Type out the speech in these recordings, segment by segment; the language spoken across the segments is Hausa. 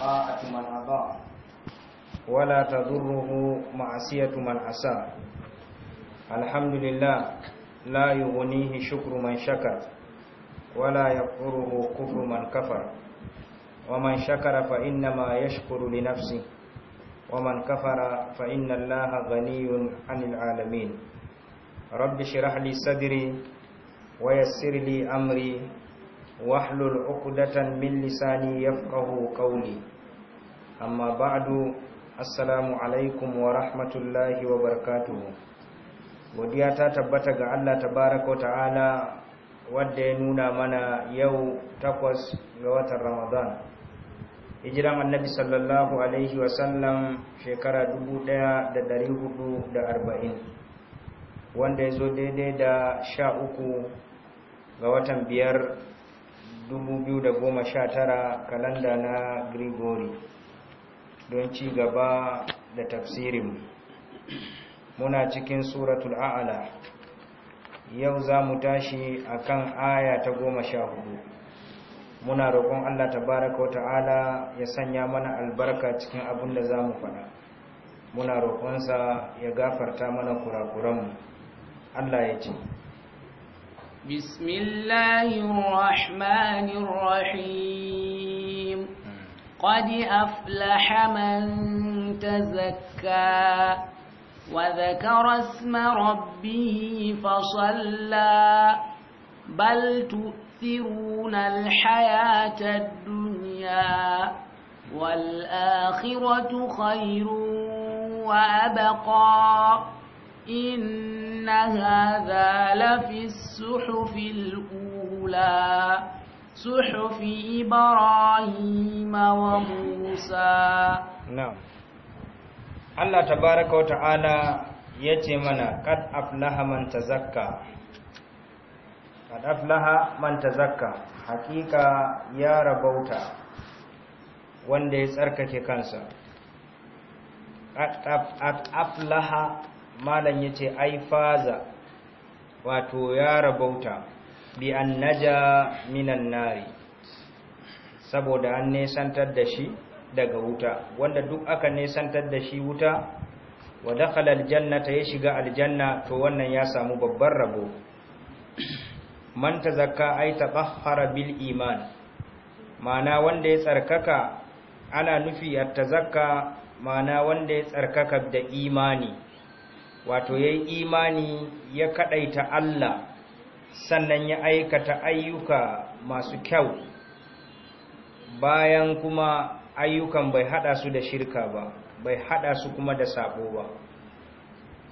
طاعة من أطاع ولا تضره معصية من عصى الحمد لله لا يغنيه شكر من شكر ولا يكفره كفر من كفر ومن شكر فإنما يشكر لنفسه ومن كفر فإن الله غني عن العالمين رب شرح لي صدري ويسر لي أمري واحلل عقدة من لساني يفقه قولي أما بعد السلام عليكم ورحمة wa وبركاته godiya ta tabbata ga Allah ta wa ta'ala wadda ya nuna mana yau takwas ga watan Ramadan hijiran annabi sallallahu alaihi wa sallam shekara arba'in. wanda ya zo daidai da sha uku ga watan biyar 2019 kalanda na Grigori don ci gaba da tafsirin muna cikin suratul a'ala yau za mu tashi a kan aya ta goma sha hudu muna roƙon Allah tabaraka wa ta'ala ya sanya mana albarka cikin abin da za mu faɗa muna roƙonsa ya gafarta mana kurakuranmu Allah ya ce بسم الله الرحمن الرحيم قد أفلح من تزكى وذكر اسم ربه فصلى بل تؤثرون الحياة الدنيا والآخرة خير وأبقى إن هذا لفي الصحف الأولى صحف إبراهيم وموسى نعم الله تبارك وتعالى يتمنى قد أفلح من تزكى قد أفلح من تزكى حقيقة يا ربوتا wanda ya tsarkake kansa qad aflaha malam ya ce ai faza wato ya rabauta bi an naja minan nari saboda an nesantar da shi daga wuta wanda duk aka nesantar da shi wuta wa dakhala ta ya shiga aljanna to wannan ya samu babban rabo man tazakka ay tatahhara bil iman mana wanda ya tsarkaka ana nufi at-tazakka mana wanda ya tsarkaka da imani wato ya yi imani ya kaɗaita Allah sannan ya aikata ayyuka masu kyau bayan kuma ayyukan bai haɗa su da shirka ba bai haɗa su kuma da sabo ba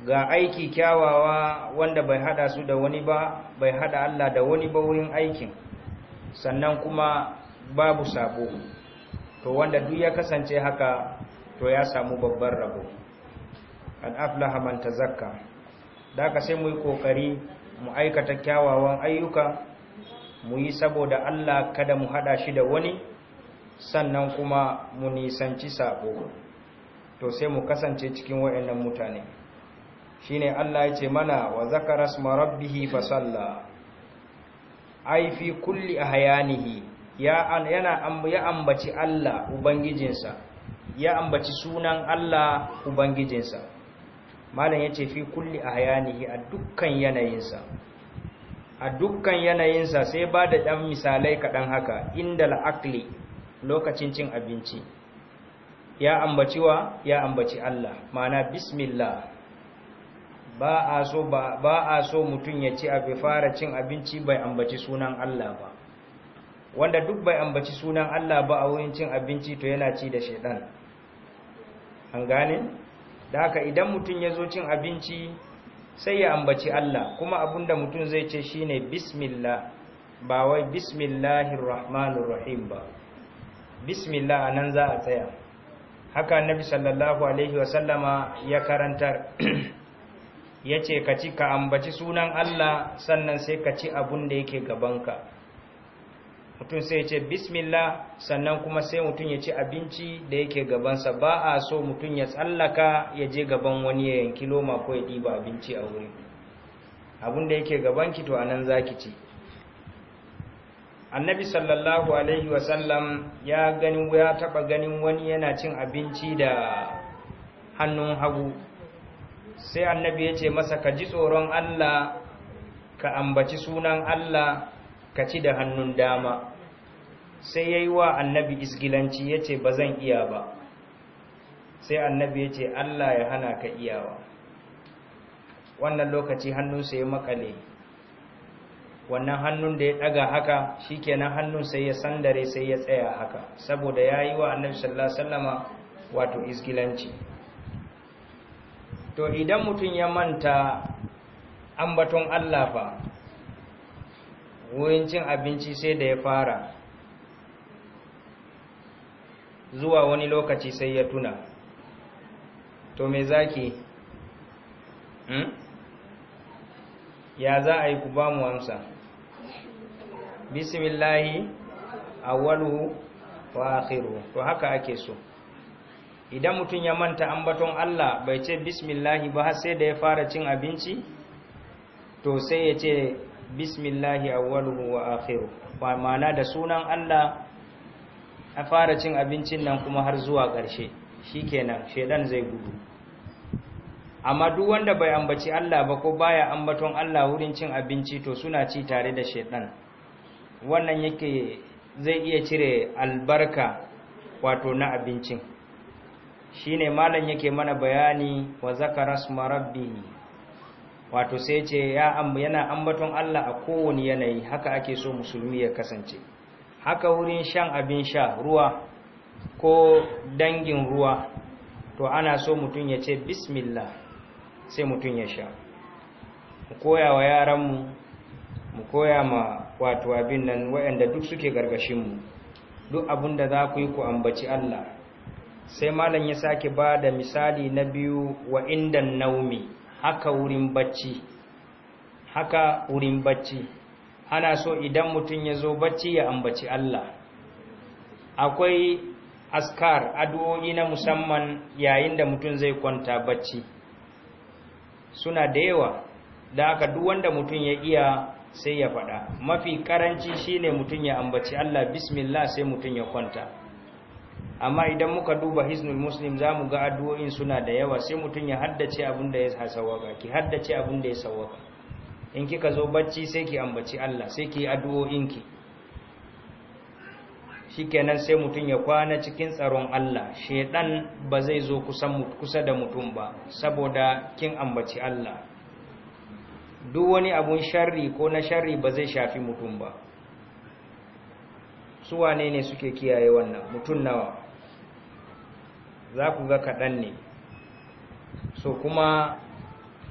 ga aiki kyawawa wanda bai haɗa su da wani ba bai haɗa Allah da wani ba wurin aikin sannan kuma babu sabo to wanda duk ya kasance haka to ya samu babban rabo an aflaha man tazakka da ka sai mu yi kokari mu aikata kyawawan ayyuka mu yi saboda Allah kada mu hada shi da wani sannan kuma mu nisanci sabo to sai mu kasance cikin wayannan mutane shine Allah ya ce mana wa zakara asma rabbihi fa salla ai fi kulli ahyanihi ya an yana ya ambaci Allah ubangijinsa ya ambaci sunan Allah ubangijinsa malam ya ce fi kulli a hayanihi a dukkan yanayinsa a dukkan yanayinsa sai ba da ɗan misalai kaɗan haka inda la'akli lokacin cin abinci ya ambaci wa ya ambaci Allah mana bismillah ba a so mutum ya ci abu fara cin abinci bai ambaci sunan Allah ba wanda duk bai ambaci sunan Allah ba a wurin cin abinci to yana ci da shaidan an gane da haka idan mutum ya zo cin abinci sai ya ambaci Allah kuma da mutum zai ce shine bismillah ba wai bismillahir rahmanir rahim ba bismillah anan za a tsaya haka nabi sallallahu alaihi wasallama ya karantar yace ka ci ka ambaci sunan Allah sannan sai ka ci abun da yake gabanka mutum sai yace ce bismillah sannan kuma sai mutum ya ci abinci da yake gabansa ba a so mutum ya tsallaka ya je gaban wani ya yanki loma ko ya ɗiba abinci a wuri Abun da yake gabanki to anan zaki ci annabi sallallahu alaihi wasallam ya gani ya taɓa ganin wani yana cin abinci da hannun hagu sai annabi ya ce masa ka ji tsoron Allah ka ambaci sunan Allah ka ci da hannun dama sai ya yi wa annabi isgilanci ya ce ba zan iya ba sai annabi ya ce allah ya hana ka iyawa wannan lokaci hannunsa ya makale wannan hannun da ya daga haka shi kenan hannun sai ya sandare sai ya tsaya haka saboda ya yi wa annabi sallallahu alaihi wasallama wato isgilanci to idan mutum ya manta ambaton Allah fa wurin cin abinci sai da ya fara zuwa wani lokaci sai ya tuna to me zaki hmm? ya za a yi ku ba mu amsa bismillahi awwaluhu wa akhiruhu to haka ake so idan mutum ya manta ambaton Allah bai ce bismillahi ba har sai da ya fara cin abinci to sai ya ce bismillahi awwaluhu wa akhiruhu ma'ana da sunan Allah a fara cin abincin nan kuma har zuwa ƙarshe shikenan shedan zai gudu amma duk wanda bai ambaci Allah ba ko baya ambaton Allah wurin cin abinci to suna ci tare da shedan wannan yake zai iya cire albarka wato na abincin shine malam yake mana bayani wa zakara sma rabbihi wato sai ce yana ambaton Allah a kowane yanayi haka ake so musulmi ya kasance haka wurin shan abin sha ruwa ko dangin ruwa to ana so mutum ya ce bismillah sai mutum ya sha mu koya wa yaranmu mu koya ma wato abin nan waɗanda duk suke gargashinmu duk abin da za ku yi ku ambaci Allah sai malam ya sake ba da misali na biyu wa indan naumi haka wurin bacci haka wurin bacci ana so idan mutum ya zo bacci ya ambaci Allah akwai askar addu'o'i na musamman yayin da mutum zai kwanta bacci suna da yawa da aka duk wanda mutum ya iya sai ya faɗa mafi karanci shine mutum ya ambaci Allah bismillah sai mutum ya kwanta amma idan muka duba hisnul muslim za mu ga addu'o'in suna da yawa sai mutum ya haddace abin da ya sawaka ki haddace abin da ya sawaka in kika zo bacci sai ki ambaci Allah sai ki addu'o'inki shikenan sai mutum ya kwana cikin tsaron Allah shedan ba zai zo kusa da mutum ba saboda kin ambaci Allah duk wani abun sharri ko na sharri ba zai shafi mutum ba su wane ne suke kiyaye wannan mutum nawa za ku ga kaɗan ne so kuma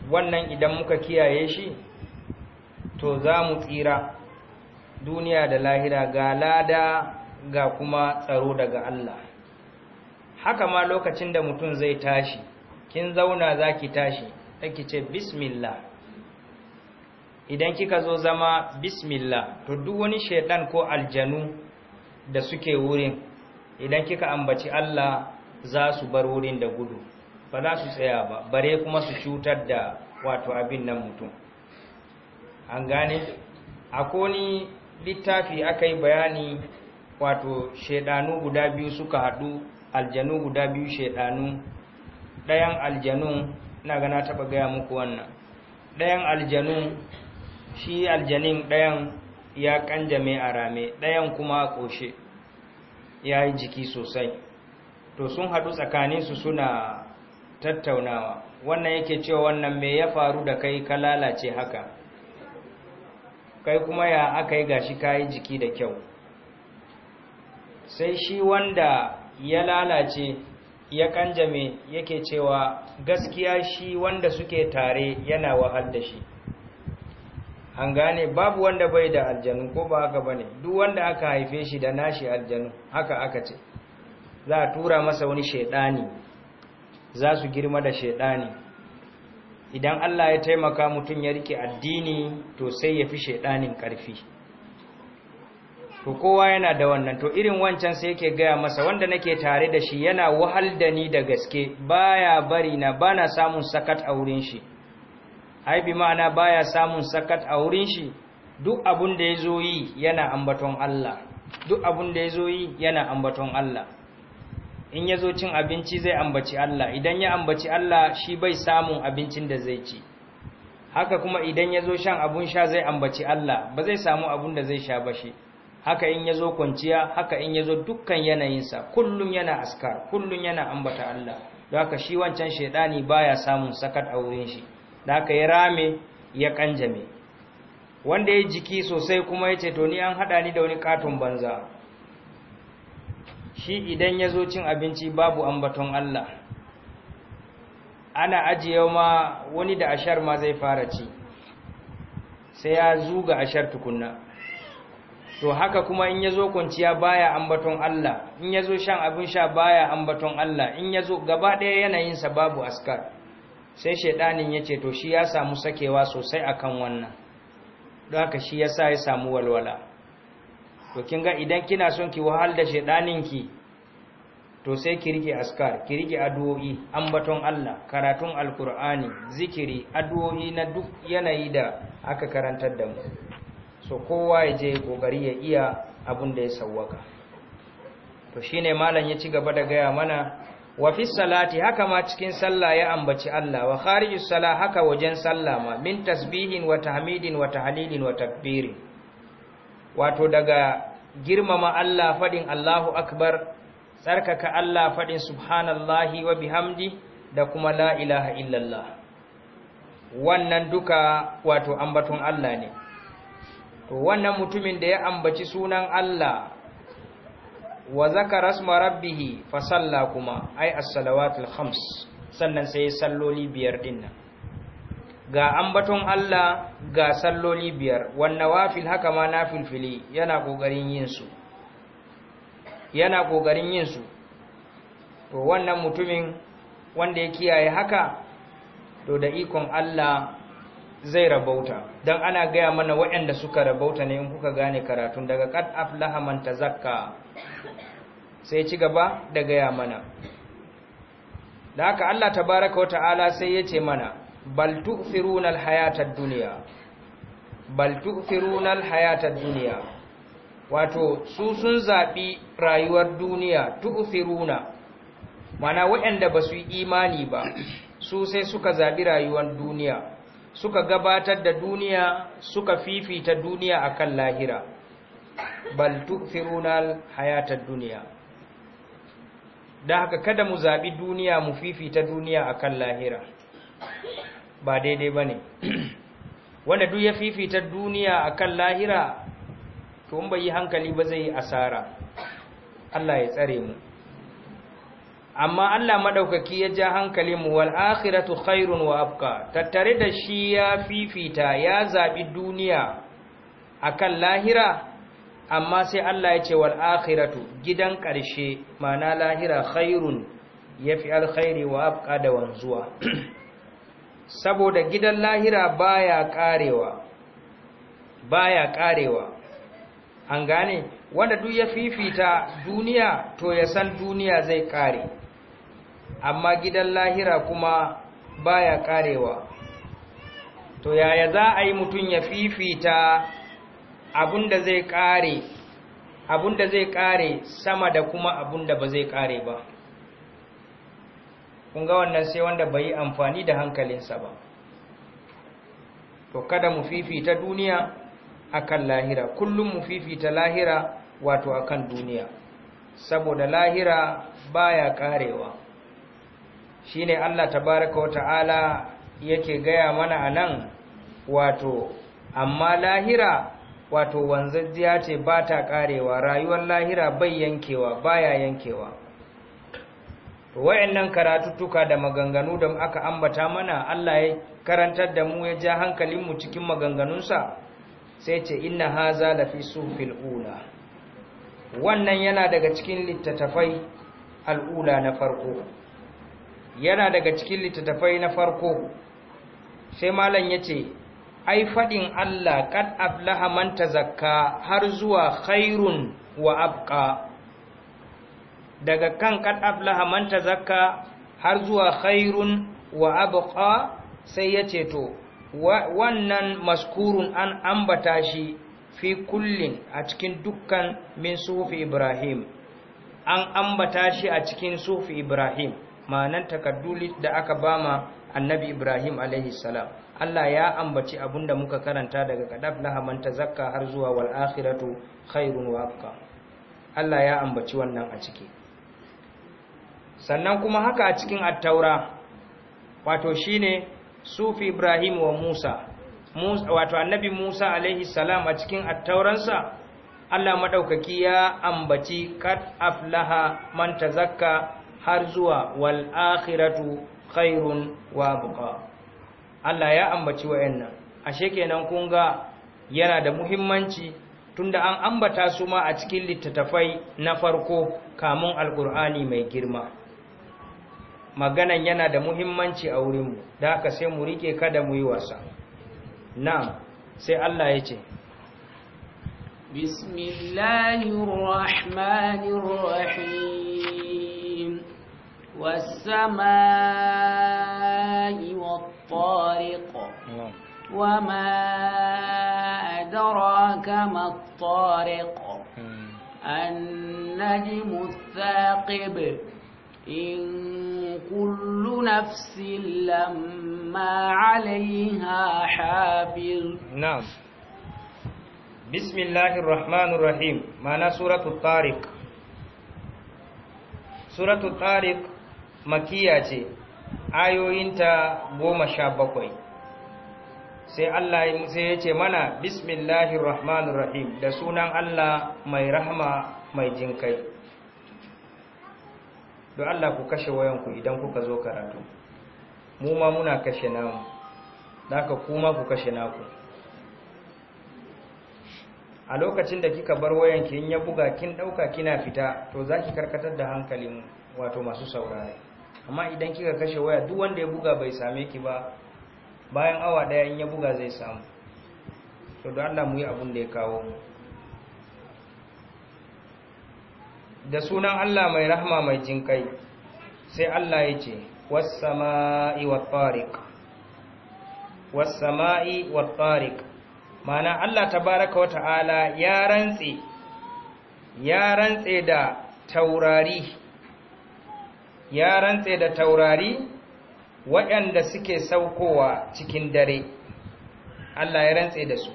wannan idan muka kiyaye shi to za mu tsira duniya da lahira ga lada ga kuma tsaro daga Allah haka ma lokacin da mutum zai tashi kin zauna za ki tashi ki ce bismillah idan kika zo zama bismillah to duk wani shaidan ko aljanu da suke wurin idan kika ambaci Allah za su bar wurin da gudu ba za su tsaya ba bare kuma su cutar da wato abin nan mutum an gane akoni littafi aka yi bayani wato shaidanu guda biyu suka haɗu aljanu guda biyu shaidanu ɗayan aljanun na gana taɓa gaya muku wannan ɗayan aljanun shi aljanin ɗayan ya kanjame a rame ɗayan kuma a ƙoshe ya yi jiki sosai to sun haɗu tsakaninsu suna tattaunawa wannan yake cewa wannan me ya faru da kai ka lalace haka kai kuma ya aka yi gashi kayi jiki da kyau sai shi wanda ya lalace ya kanjame yake cewa gaskiya shi wanda suke tare yana wahal da shi an gane babu wanda bai da aljanu ko ba haka bane duk wanda aka haife shi da nashi aljanu haka aka ce za a tura masa wani shaidani za su girma da shaidani idan Allah ya taimaka mutum ya rike addini to sai ya fi shaidanin ƙarfi. to kowa yana da wannan to irin wancan sai yake gaya masa wanda nake tare da shi yana wahal da ni da gaske baya bari na bana samun sakat a wurin shi ai bi ma'ana baya samun sakat a wurin shi duk abun da yazo yi yana ambaton Allah duk abun da yazo yi yana ambaton Allah in ya zo cin abinci zai ambaci Allah idan ya ambaci Allah shi bai samun abincin da zai ci haka kuma idan ya zo shan abun sha zai ambaci Allah ba zai samu abun da zai sha ba shi haka in ya zo kwanciya haka in ya zo dukkan yanayinsa kullum yana askar kullum yana ambata Allah don haka shi wancan shaidani baya samun sakat a wurin shi da haka ya rame ya kanjame wanda ya jiki sosai kuma ya ce to ni an haɗa ni da wani katon banza shi idan ya zo cin abinci babu ambaton Allah ana ajiye ma wani da ashar ma zai fara ci sai ya zuga ashar tukunna to haka kuma in ya zo kwanciya baya ambaton Allah in ya zo shan abin sha baya ambaton Allah in ya zo gaba ɗaya sa babu askar sai shaidanin ya ce to shi ya samu sakewa sosai akan wannan don haka shi ya sa ya samu walwala to kin ga idan kina son ki wahal da shedanin ki to sai ki rike askar ki rike addu'o'i ambaton Allah karatun alkur'ani zikiri addu'o'i na duk yanayi da aka karantar da mu so kowa ya je kokari ya iya abin da ya sawwaka to shine malam ya ci gaba da gaya mana wa fi salati haka ma cikin sallah ya ambaci Allah wa kharijus sala haka wajen sallah ma min tasbihin wa tahmidin wa tahlilin wa takbirin wato daga girmama Allah faɗin Allahu akbar tsarkaka Allah faɗin subhanallahi wa bihamdi da kuma la ilaha illallah wannan duka wato ambaton Allah ne to wannan mutumin da ya ambaci sunan Allah wa zakara asma rabbihi fa kuma ay as-salawatul khams sannan sai salloli biyar dinnan ga ambaton Allah ga salloli biyar wannan wafil haka ma na filfili yana kokarin yin su yana kokarin yin to wannan mutumin wanda ya kiyaye haka to da ikon Allah zai rabauta don ana gaya mana waɗanda suka rabauta ne in kuka gane karatun daga kad aflaha man tazakka sai ci gaba da gaya mana da haka Allah tabaraka wa ta'ala sai ya ce mana bal tu'thiruna alhayata ad-dunya bal tu'thiruna alhayata ad-dunya wato su sun zabi rayuwar duniya tu'thiruna mana waɗanda ba su yi imani ba su sai suka zabi rayuwar duniya suka gabatar da duniya suka fifita duniya akan lahira bal tu'thiruna alhayata ad-dunya da haka kada mu zabi duniya mu fifita duniya akan lahira ba daidai ba ne wanda duk ya fifita duniya a kan lahira to in bai yi hankali ba zai yi asara Allah ya tsare mu amma Allah maɗaukaki ya ja hankalin mu wal akhiratu khairun wa abqa tattare da shi ya fifita ya zaɓi duniya a kan lahira amma sai Allah ya ce wal akhiratu gidan ƙarshe mana lahira khairun yafi alkhairi wa abqa da wanzuwa saboda gidan lahira baya karewa baya karewa an gane wanda duk ya fifita duniya to ya san duniya zai kare amma gidan lahira kuma baya karewa to yaya za a yi mutum ya fifita abinda zai kare abinda zai kare sama da kuma abinda ba zai kare ba kun ga wannan sai wanda bai yi amfani da hankalinsa ba to kada mu fifita duniya akan lahira kullum mu fifita lahira wato akan duniya saboda lahira baya karewa shine Allah tabaraka wa ta'ala yake gaya mana anan wato amma lahira wato wanzajjiya ce ba ta karewa rayuwar lahira bai yankewa baya yankewa wa'annan karatuttuka da maganganu da aka ambata mana Allah ya karantar da mu ya ja hankalinmu cikin maganganunsa sai ce inna haza lafi sufil ula wannan yana daga cikin littattafai al'ula na farko yana daga cikin littattafai na farko sai malam yace ai faɗin Allah kad aflaha man zakka har zuwa khairun wa abqa daga kan kad aflaha man tazakka har zuwa khairun wa abqa sai ya ce to wannan maskurun an ambata shi fi kullin a cikin dukkan min sufi Ibrahim an ambata shi a cikin sufi Ibrahim ma'anan takaddulis da aka bama annabi Ibrahim alaihi salam Allah ya ambaci abinda muka karanta daga kadaf hamanta tazakka har zuwa wal akhiratu khairun wa abqa Allah ya ambaci wannan a ciki sannan kuma haka a cikin attaura wato shine sufi ibrahim wa musa wato annabi musa alaihi salam a cikin attauransa allah maɗaukaki ya ambaci kat aflaha man tazakka har zuwa wal akhiratu khairun wa buqa allah ya ambaci wayannan ashe kenan kun ga yana da muhimmanci tunda an ambata su ma a cikin littattafai na farko kamun alkur'ani mai girma maganan yana da muhimmanci a wurinmu da haka sai mu rike kada mu yi wasa na'am sai Allah ya ce bismillahirrahmanirrahim was-samaa'i wat-tariq wama adraka mat-tariq hmm. an-najmu thaqib نفس لما عليها حافظ نعم بسم الله الرحمن الرحيم معنى سورة الطارق سورة الطارق مكية ayoyinta goma sha bakwai sai Allah sai ya ce mana bismillahir da sunan Allah mai rahma mai jinkai don Allah ku kashe wayanku idan kuka zo karatu mu ma muna kashe namu ka kuma ku kashe naku a lokacin da kika bar wayanki in ya buga kin dauka kina fita to zaki karkatar da hankalin wato masu saurare amma idan kika kashe waya duk wanda ya buga bai same ki ba bayan awa daya in ya buga zai samu to don Allah mu yi abun da ya kawo mu da sunan Allah mai rahma mai jinkai sai Allah ya ce wassama'i tariq wassama'i tariq mana Allah tabaraka wa ta'ala ya rantse ya rantse da taurari ya rantse da taurari waɗanda suke saukowa cikin dare Allah ya rantse da su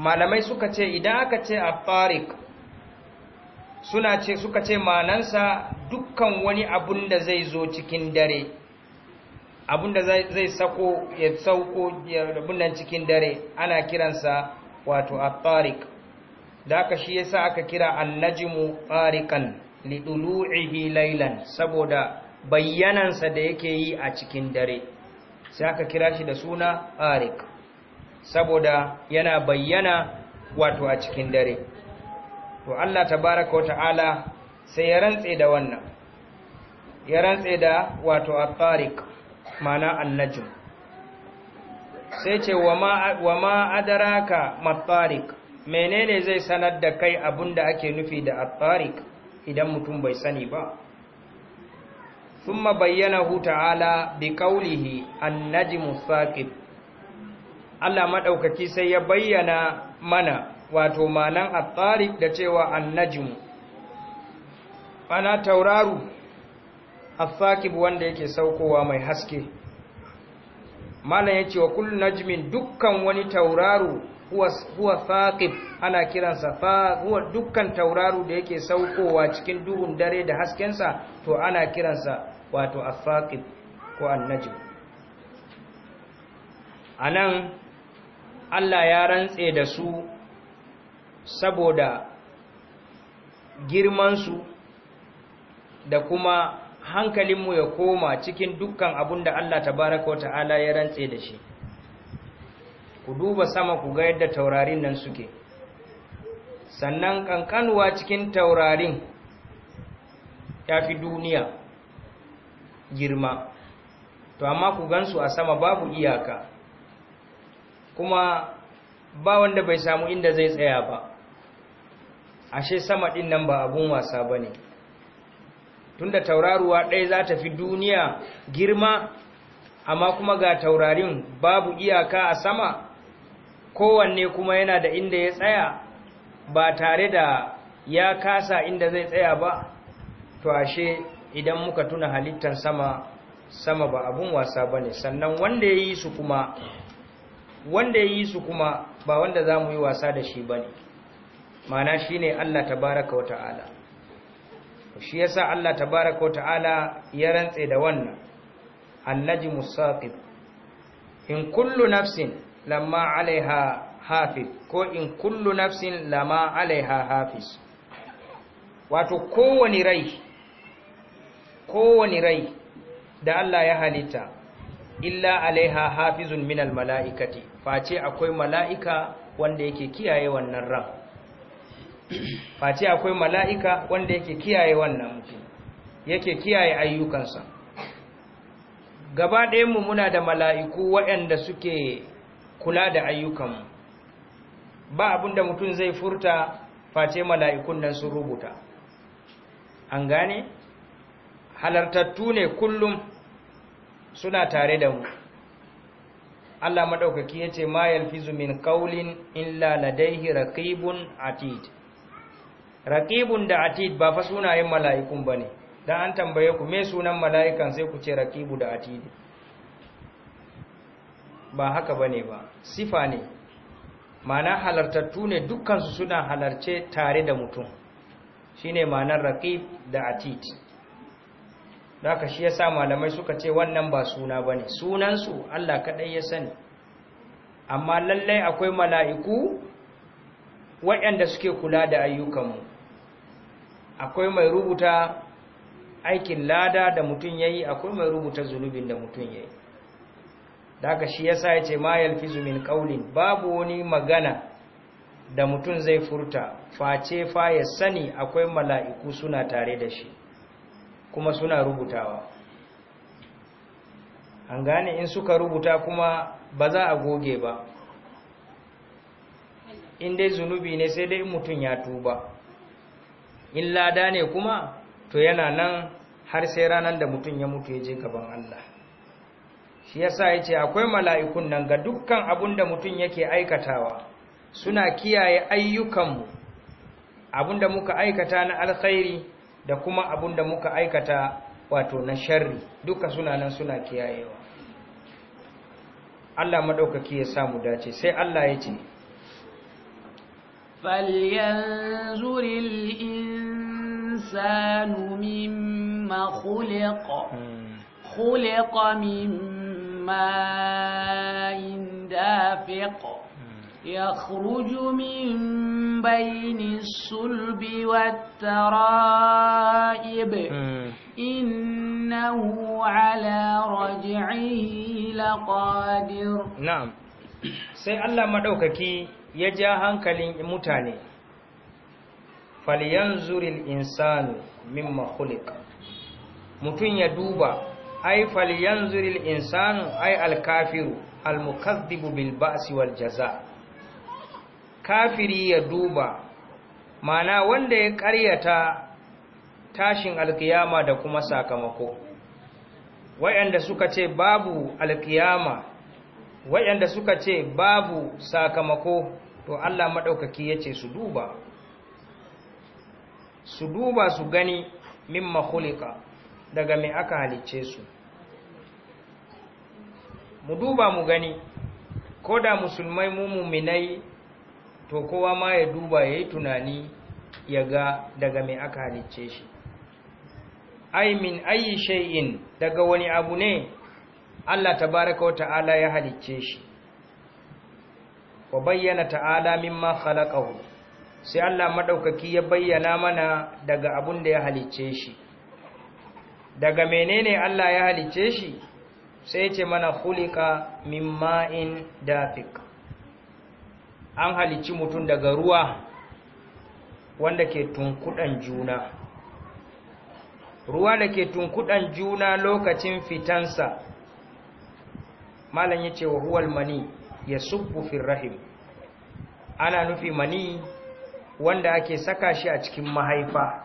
malamai suka ce idan aka ce a tariq suna ce suka ce manansa dukkan wani abun da zai zo cikin dare abun da zai sako ya sauko abun nan cikin dare ana kiransa wato at-tariq da aka shi yasa aka kira an-najmu tariqan dulu'ihi laylan saboda bayyanansa da yake yi a cikin dare sai aka kira shi da suna tariq saboda yana bayyana wato a cikin dare to Allah tabaraka wa ta'ala sai ya rantse da wannan ya rantse da wato at-tariq ma'ana an-najm sai ce wa ma wa ma adraka mat-tariq menene zai sanar da kai abinda ake nufi da at-tariq idan mutum bai sani ba Ta'ala bi تعالى بقوله النجم saqit Allah maɗaukaki sai ya bayyana mana wato malan at tsari da cewa an ana tauraru as-saqib wanda yake saukowa mai haske malan ce wa kullu najmin dukkan wani tauraru huwa saqib ana kiransa huwa dukkan tauraru da yake saukowa cikin duhun dare da haskensa to ana kiransa wato as-saqib ko an A anan Allah ya rantse da su saboda girmansu da kuma hankalinmu ya koma cikin dukkan abun da Allah tabaraka ta'ala ya rantse da shi ku duba sama ku ga yadda taurarin nan suke sannan kankanuwa cikin taurarin ya fi duniya girma to amma ku gansu a sama babu iyaka kuma ba wanda bai samu inda zai tsaya ba ashe sama din nan ba abun wasa bane tunda tauraruwa ɗaya za ta fi duniya girma amma kuma ga taurarin babu iyaka a sama kowanne kuma yana da inda ya tsaya ba tare da ya kasa inda zai tsaya ba to ashe idan muka tuna halittar sama sama ba abun wasa bane sannan wanda ya yi su kuma wanda ya su kuma ba wanda za mu yi wasa da shi bane mana ne Allah baraka wa ta'ala shi ya sa Allah baraka wa ta'ala ya rantse da wannan annajmu saqib in kullu nafsin lamma 'alaiha hafif, ko in kullu nafsin lama 'alaiha hafis. wato kowane rai kowane rai da Allah ya halitta illa 'alaiha hafizun minal mala'ikati face akwai mala'ika wanda yake kiyaye wannan ran face akwai mala'ika wanda yake kiyaye wannan mutum yake kiyaye ayyukansa gaba ɗayanmu muna da mala'iku waɗanda suke kula da ayyukanmu ba da mutum zai furta face mala'ikun nan sun rubuta an gane halartattu ne kullum suna tare da mu Allah maɗaukaki ya ce ma yalfi zumin kaulin hira ladaihi a titi. raqibun da atid ba fa sunayen mala'ikun bane dan an tambaye ku me sunan mala'ikan sai ku ce raqibu da atid ba haka bane ba sifa ne ma'ana halartattu ne dukkan su suna halarce tare da mutum shine ma'anar raqib da atid ka shi yasa malamai suka ce wannan ba suna bane sunan su Allah kadai ya sani amma lallai akwai mala'iku waɗanda suke kula da ayyukanmu akwai mai rubuta aikin lada da mutum ya yi, akwai mai rubuta zunubin da mutum ya yi. daga shi ya ce ma yalfi zumin qawlin babu wani magana da mutum zai furta face fa ya sani akwai mala'iku suna tare da shi kuma suna rubutawa an gane in suka rubuta kuma ba za a goge ba in dai zunubi ne sai dai mutum ya tuba in lada ne kuma to yana nan har sai ranar da mutum ya mutu ya je gaban Allah shi yasa yace akwai mala'ikun nan ga dukkan abun da mutum yake aikatawa suna kiyaye ayyukanmu abun da muka aikata na alkhairi da kuma abun da muka aikata wato na sharri duka suna nan suna kiyayewa Allah madaukaki ya samu dace sai Allah yace in الإنسان مما خلق خلق من ماء دافق يخرج من بين الصلب والترائب إنه على رجعه لقادر نعم sai Allah maɗaukaki ya ja hankalin mutane falyanzuril insanu mimma khuliqa mutun ya duba ai falyanzuril al ai alkafiru almukazzibu bil ba'si wal jaza kafiri ya duba mana wanda ya karyata tashin alkiyama da kuma sakamako wayanda suka ce babu alkiyama wayanda suka ce babu sakamako to Allah madaukaki yace su duba su duba su gani min makulika, daga mai aka halice su mu duba mu gani ko da musulmai mu muminai to kowa ma ya duba ya yi tunani ya ga daga mai aka halicce shi ai min ayi shay'in daga wani abu ne Allah tabaraka wa ta'ala ya halicce shi wa bayyana ta'ala mimma khalaqahu sai Allah maɗaukaki ya bayyana mana daga abun da ya halicce shi daga menene Allah ya halicce shi sai ce mana hulika min ma'in dafik an halicci mutum daga ruwa wanda ke tunkuɗan juna ruwa da ke tunkuɗan juna lokacin fitansa malam ya ce wa huwal mani ya subbu rahim ana nufi mani wanda ake saka shi a cikin mahaifa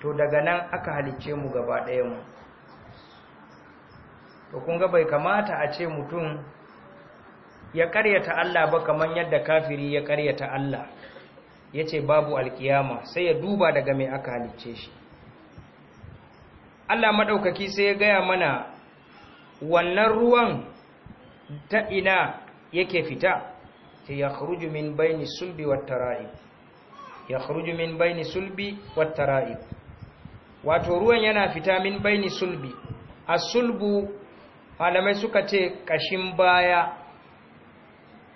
to daga nan aka halicce mu gaba mu. to kun ga bai kamata a ce mutum ya karyata Allah ba kamar yadda kafiri ya karyata Allah ya ce babu alkiyama sai ya duba daga mai aka halicce shi Allah maɗaukaki sai ya gaya mana wannan ruwan ta ina yake fita ta ya min ni sulbi wa tara'ib yakhruju min baini sulbi wat wato ruwan yana fita min baini sulbi as-sulbu malamai suka ce kashin baya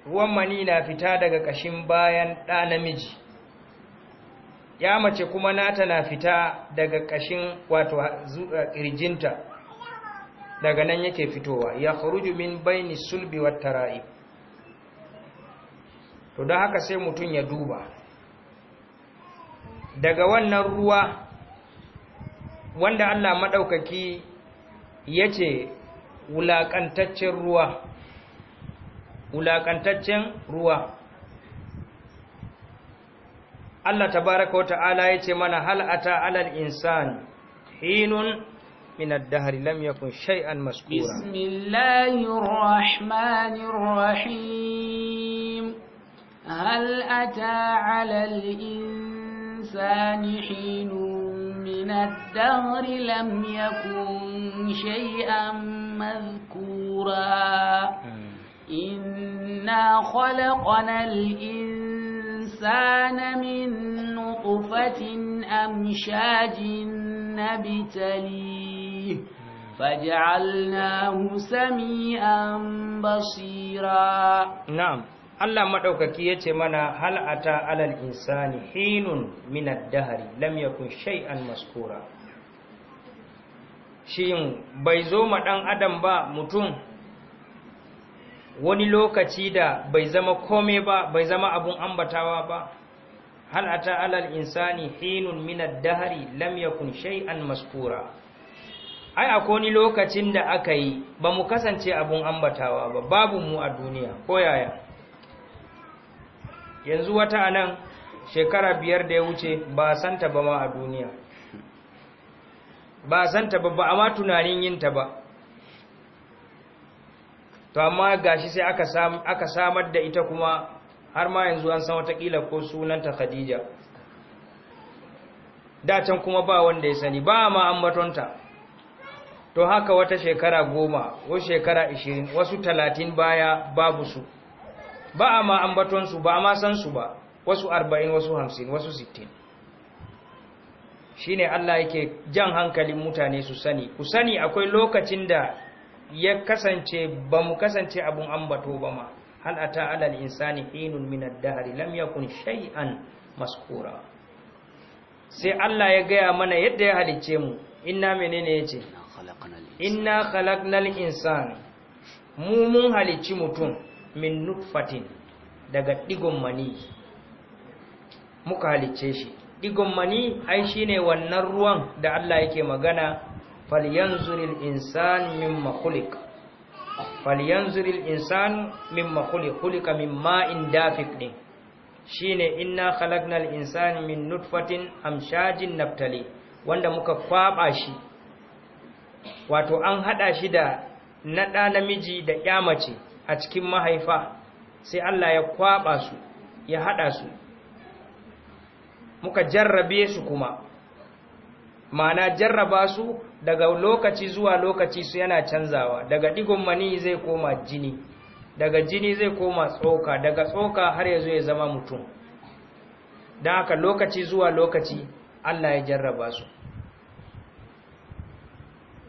ruwan mani na fita daga kashin bayan ɗa namiji ya mace kuma nata na fita daga kashin wato eh, irjinta daga nan yake fitowa ya kharuju min baini sulbi wat to don haka sai mutum ya duba daga wannan ruwa wanda Allah maɗaukaki ya ce wulaƙantaccen ruwa wulaƙantaccen ruwa Allah baraka wa ta'ala ya ce mana hal'ata alal insan hinun من الدهر لم يكن شيئا مذكورا بسم الله الرحمن الرحيم هل أتى على insan الإنسان حين من الدهر لم يكن شيئا مذكورا إنا خلقنا الإنسان من نطفة أمشاج نبتليه فجعلناه سميعا بصيرا نعم Allah maɗaukaki ya ce mana hal'ata alal insani hinun minad dahari lam yakun shay'an maskura shin bai zo ma ɗan adam ba mutum wani lokaci da bai zama kome ba bai zama abun ambatawa ba hal'ata alal insani hinun minad dahari lam yakun shay'an maskura ai akwai wani lokacin da aka yi ba mu kasance abun ambatawa ba babu mu a duniya ko yaya yanzu wata a nan shekara biyar da ya wuce ba san ta ba ma a duniya ba san ta ba ba a ma tunanin yin ta ba to amma gashi sai aka samar da ita kuma har ma yanzu an san watakila ko sunanta khadija can kuma ba wanda ya sani ba ma ambatonta to haka wata shekara goma ko shekara ishirin wasu talatin baya babu su ba a ma ambatonsu ba ma san su ba wasu arba'in wasu hamsin wasu sittin shine Allah yake jan hankalin mutane su sani ku sani akwai lokacin da ya kasance ba mu kasance abun ambato ba ma hal ata alal insani hinun min ad-dahr lam yakun shay'an maskura sai Allah ya gaya mana yadda ya halicce mu inna menene yace inna khalaqnal insana mu mun halicci mutum min nutfatin daga ɗigon mani muka halicce shi Ɗigon mani ai shine wannan ruwan da Allah yake magana falyanzuril insan mimma khuliq falyanzuril insan mimma khuliq khuliqa min ma'in din shine inna khalaqnal insani min nutfatin amshajin naftali wanda muka kwaba shi wato an haɗa shi da na ɗa namiji da ƴa mace a cikin mahaifa sai Allah ya kwaba su ya hada su muka jarrabe su kuma ma'ana jarraba su daga lokaci zuwa lokaci su yana canzawa daga digon mani zai koma jini daga jini zai koma tsoka daga tsoka har yanzu ya zama mutum don haka lokaci zuwa lokaci Allah ya jarraba su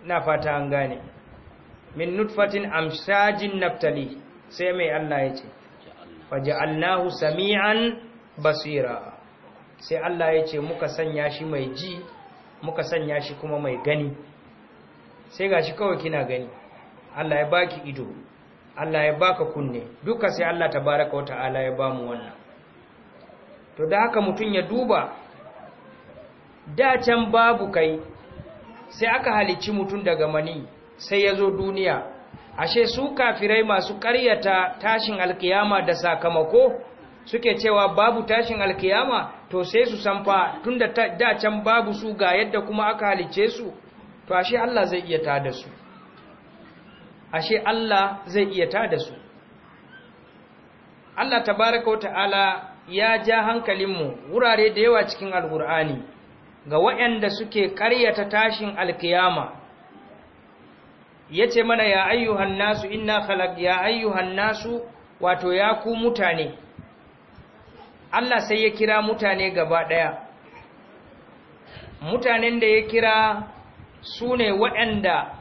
na fata an gane min nutfatin amshajin naftali sai mai Allah ya ce faja'alnahu sami'an basira sai Allah ya ce muka sanya shi mai ji muka sanya shi kuma mai gani sai gashi kawai kina gani Allah ya baki ido Allah ya baka kunne duka sai Allah tabaraka wata'ala ya bamu wannan to da haka mutun ya duba da can babu kai sai aka halicci mutun daga mani sai ya zo duniya ashe su kafirai masu karyata tashin alkiyama da sakamako suke cewa babu tashin alkiyama to sai su san fa tunda da can babu su ga yadda kuma aka halice su to ashe Allah zai iya tada su ashe Allah zai iya tada su Allah tabaraka wa ta'ala ya ja hankalinmu wurare da yawa cikin alkur'ani ga waɗanda suke karyata tashin alkiyama yace mana ya ayyuhan nasu inna khalaq ya ayyuhan nasu wato ya ku mutane Allah sai ya kira mutane gaba daya mutanen da ya kira su ne waɗanda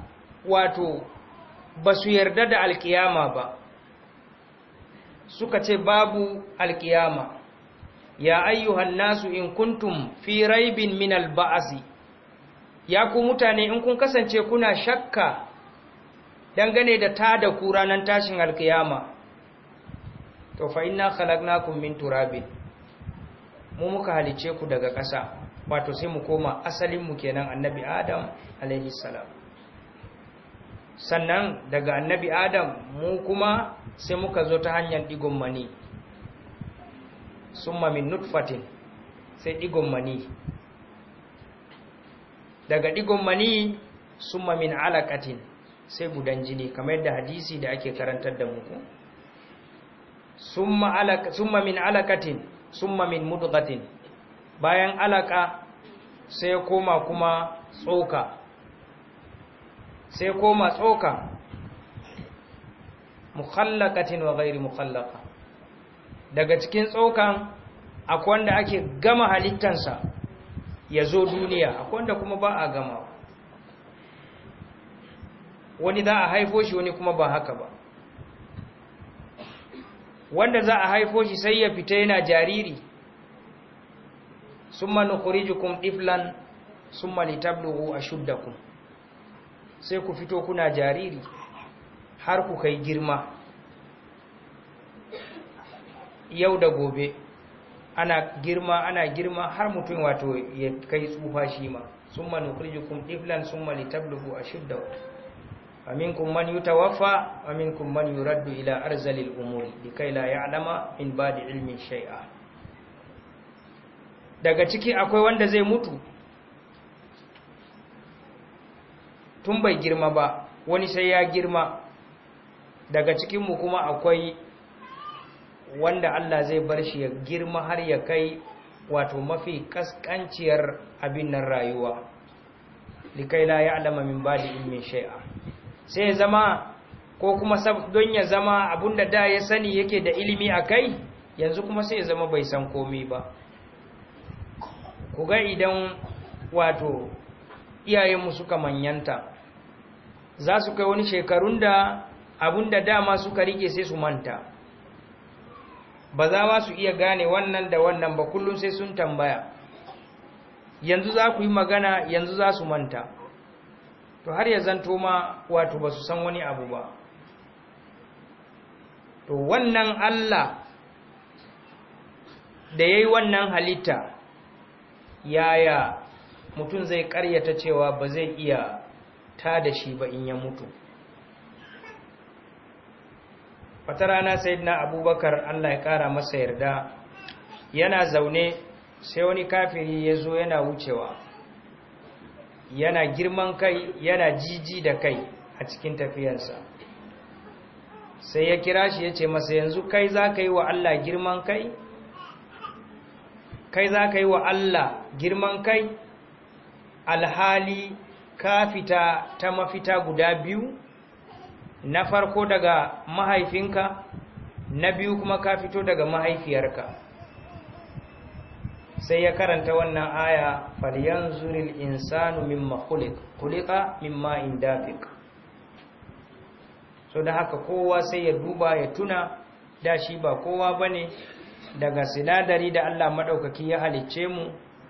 wato ba su yarda da alkiyama ba suka ce babu alkiyama ya ayyuhan nasu in kuntum fi raibin min alba'asi ya ku mutane in kun kasance kuna shakka dangane da ta da ku ranar tashin alkiyama to fa inna khalaqnakum min turabin mu muka halice ku daga ƙasa wato sai mu koma asalin mu kenan annabi adam alaihi salam sannan daga annabi adam mu kuma sai muka zo ta hanyar digon mani summa min nutfatin sai digon mani daga digon mani summa min alaqatin sai gudan jini kamar yadda hadisi da ake karantar da muku summa alaka summa min alakatin summa min mudghatin bayan alaka sai koma kuma tsoka sai koma tsoka mukhallaqatin wa ghairi mukhallaqa daga cikin tsokan akwai wanda ake gama halittansa ya zo duniya akwai wanda kuma ba a gamawa wani za a haifo shi wani kuma ba haka ba wanda za a haifo shi sai ya fita yana jariri summa nukhrijukum iflan summa litablughu ashuddakum sai ku fito kuna jariri har ku kai girma yau da gobe ana girma ana girma har mutum wato ya kai tsufa shi ma summa nukhrijukum iflan summa litablughu ashuddakum فمنكم من يتوفى ومنكم من يرد إلى أرزل الأمور لكي لا يعلم من بعد علم شيئا daga ciki akwai wanda zai mutu tun bai girma ba wani sai ya girma daga cikinmu kuma akwai wanda Allah zai bar shi ya girma har ya kai wato mafi kaskanciyar abin nan rayuwa likai la ya alama min ba da ilmin shai'a sai zama ko kuma don ya zama abinda da ya sani yake da ilimi a kai yanzu kuma sai zama bai san komi ba ku ga idan wato iyayenmu suka manyanta za su kai wani shekarun da da dama suka rike sai su manta ba za su iya gane wannan da wannan ba kullum sai sun tambaya yanzu za ku yi magana yanzu za su manta to har ya zanto ma wato ba su san wani abu ba to wannan Allah da ya yi wannan halitta yaya mutum zai karyata cewa ba zai iya ta da shi ba in ya mutu wata rana sai na abubakar allah ya kara masa yarda yana zaune sai wani kafiri ya zo yana wucewa yana girman kai yana jiji da kai a cikin tafiyarsa sai ya kira shi ya ce masa yanzu kai za ka yi wa Allah girman kai kai za ka yi wa Allah girman kai alhali ka fita ta mafita guda biyu na farko daga mahaifinka na biyu kuma ka fito daga mahaifiyarka sai ya karanta wannan aya zuril insanu mimma khuliq khuliqa mimma indafik so da haka kowa sai ya duba ya tuna da shi ba kowa bane daga sinadari da Allah madaukaki ya halicce mu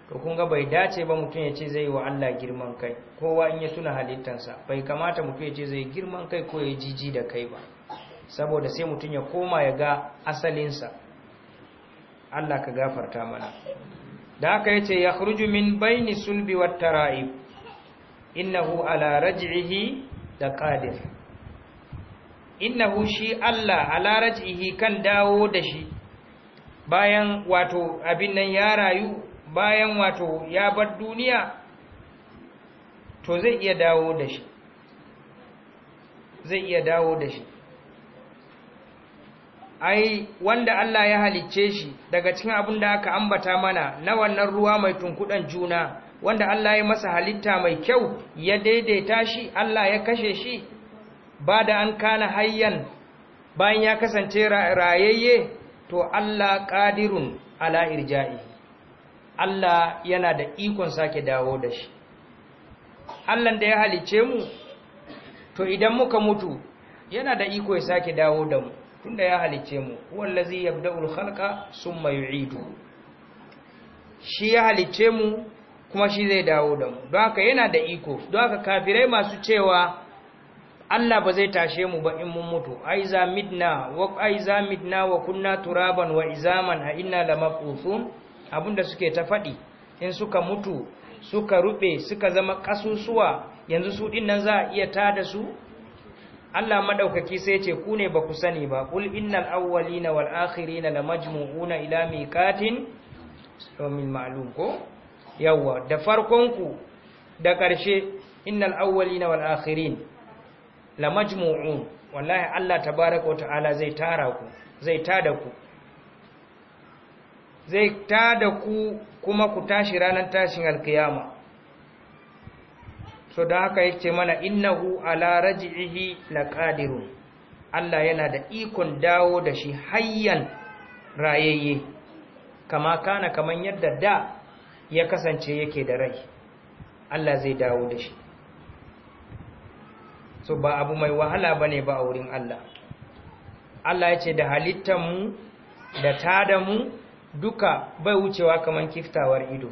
to kun ga bai dace ba mutum ya ce zai wa Allah girman kai kowa in ya tuna halittansa bai kamata mutum ya ce zai girman kai ko ya jiji da kai ba saboda sai mutum ya koma ya ga asalinsa Allah ka gafarta mana da aka ce ya yakhruju min baini sulbi wat tara'ib innahu ala raj'ihi laqadir innahu shi Allah ala raj'ihi kan dawo da shi bayan wato abin nan ya rayu bayan wato ya bar duniya to zai iya dawo da shi zai iya dawo da shi ai wanda Allah ya halicce shi daga cikin abin da aka ambata mana na wannan ruwa mai tunkudan juna wanda Allah ya masa halitta mai kyau ya daidaita shi Allah ya kashe shi ba da an kana hayyan bayan ya kasance rayayye to Allah qadirun ala irja'i Allah yana da ikon sake dawo da shi Allah da ya halicce mu to idan muka mutu yana da iko ya sake dawo da mu tunda ya halice mu huwa allazi yabda'ul khalqa summa yu'idu shi ya halice mu kuma shi zai dawo da mu don haka yana da iko don haka kafirai masu cewa Allah ba zai tashe mu ba in mun mutu aiza midna wa aiza midna wa kunna turaban wa izaman a inna lamaqusun abinda suke ta fadi in suka mutu suka rube suka zama kasusuwa yanzu su ɗinnan za'a za a iya tada su Allah madaukaki sai ce ku ne baku sani ba kul innal awwalina wal akhirina lamajmu'una ila miqatin yawmin ma'lum ko yawa da farkon ku da ƙarshe innal awwalina wal akhirin lamajmu'un wallahi Allah tabaaraka wa ta'ala zai tara ku zai tada ku zai tada ku kuma ku tashi ranar tashin alkiyama so da haka yake mana innahu ala raj'ihi laqadirun Allah yana da ikon dawo da shi hayyan rayayye kama kana kaman yadda da ya kasance yake da rai Allah zai dawo da shi so ba abu mai wahala bane ba a wurin Allah Allah ya ce da mu da tada mu duka bai wucewa kaman kiftawar ido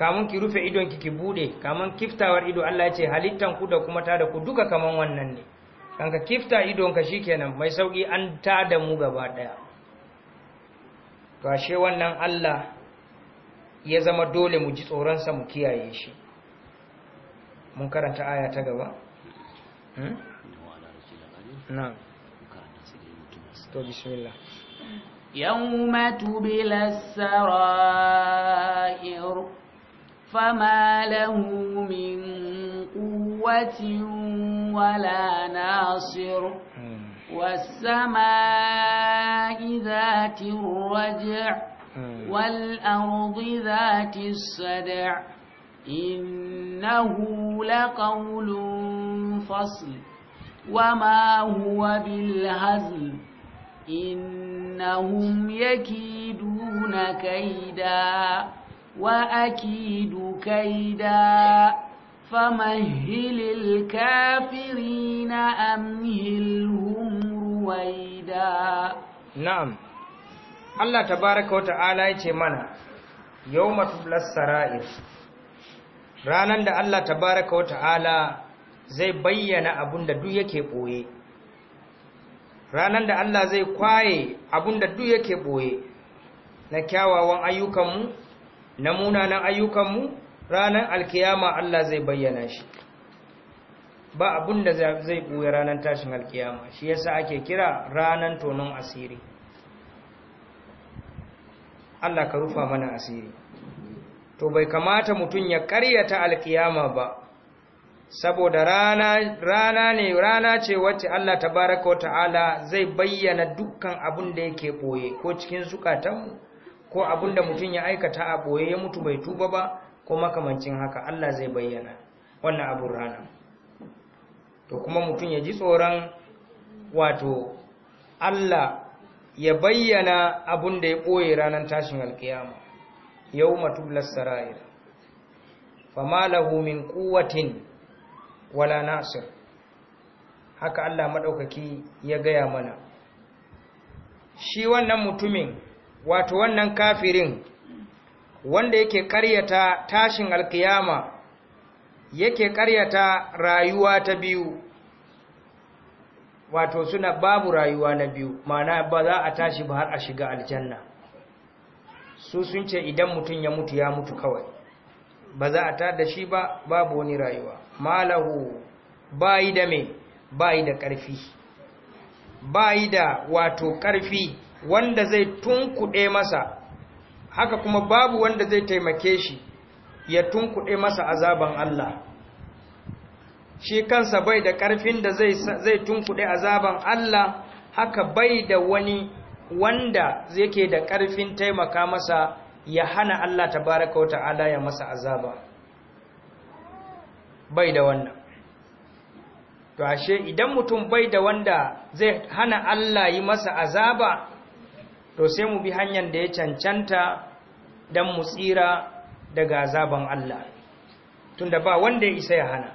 kamun ki rufe idon ki ki bude kamun kiftawar ido Allah ya ce halittan ku da kuma ta da ku duka kaman wannan ne kanka kifta idon ka shikenan mai sauki an ta da mu gaba daya kashe wannan Allah ya zama dole mu ji tsoron sa mu kiyaye shi mun karanta aya ta gaba hmm? to bismillah يوم تبلى السرائر فما له من قوة ولا ناصر والسماء ذات الرجع والأرض ذات الصدع إنه لقول فصل وما هو بالهزل إنهم يكيدون كيداً وأكيد كيدا fama الكافرين أمهلهم رويدا نعم Allah tabaraka wa ta'ala ya ce mana yawma tublas sara'ir ranan da Allah tabaraka zai bayyana abun da duk yake boye ranan da Allah zai kwaye abun da duk yake boye na kyawawan ayyukanmu na munanan ayyukanmu ranar alkiyama Allah zai bayyana shi ba abun da zai ɓoye ranar tashin alkiyama shi yasa ake kira ranar tonon asiri Allah ka rufa mana asiri to bai kamata mutum ya karyata alkiyama ba saboda rana, rana ne rana ce wacce Allah baraka wa ta'ala zai bayyana dukkan abun da yake ɓoye ko cikin zukatanmu ko abin da mutum ya aikata a ɓoye ya mutu bai tuba ba ko makamancin haka Allah zai bayyana wannan abun rana to kuma mutum ya ji tsoron wato Allah ya bayyana abin da ya ɓoye ranar tashin alkiyama yau matublas sara'ir Fa lahu min kuwatin wala nasir haka Allah maɗaukaki ya gaya mana shi wannan mutumin wato wannan kafirin wanda yake karyata tashin alkiyama yake karyata rayuwa ta biyu wato suna babu rayuwa na biyu mana ba za a tashi ba har a shiga aljanna su sun ce idan mutum ya mutu ya mutu kawai ba za a tada shi ba babu wani rayuwa malahu yi da me yi da ƙarfi yi da wato ƙarfi wanda zai tunkuɗe masa haka kuma babu wanda zai taimake shi ya tunkuɗe masa azaban Allah shi kansa bai da ƙarfin da zai tunkuɗe azaban Allah haka bai da wani wanda zai ke da ƙarfin taimaka masa ya hana Allah tabaraka wa ta'ala ya masa azaba bai da wannan to ashe idan mutum bai da wanda zai hana Allah yi masa azaba to sai mu bi hanyar da ya cancanta don mu tsira daga azaban Allah tunda ba wanda ya isa ya hana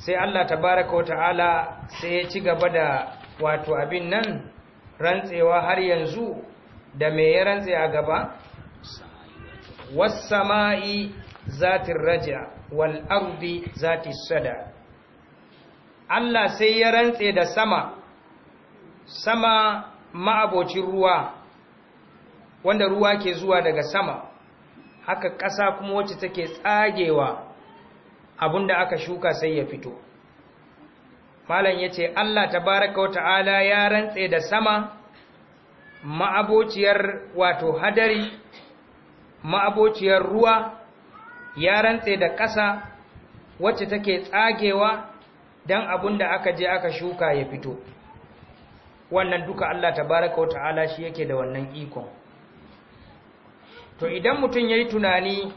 sai Allah tabaraka wa ta'ala sai ya ci gaba da wato abin nan rantsewa har yanzu da me ya rantse a gaba wasama'i zati raja wal ardi zati sada Allah sai ya rantse da sama sama ma'abocin ruwa wanda ruwa ke zuwa daga sama haka ƙasa kuma wacce take tsagewa abinda aka shuka sai ya fito malam yace Allah tabaraka wata'ala ya rantse da sama ma'abociyar wato hadari ma'abociyar ruwa ya rantse da ƙasa wacce take tsagewa don abin da aka je aka shuka ya fito wannan duka Allah tabaraka Ta'ala shi yake da wannan ikon to idan mutum yayi tunani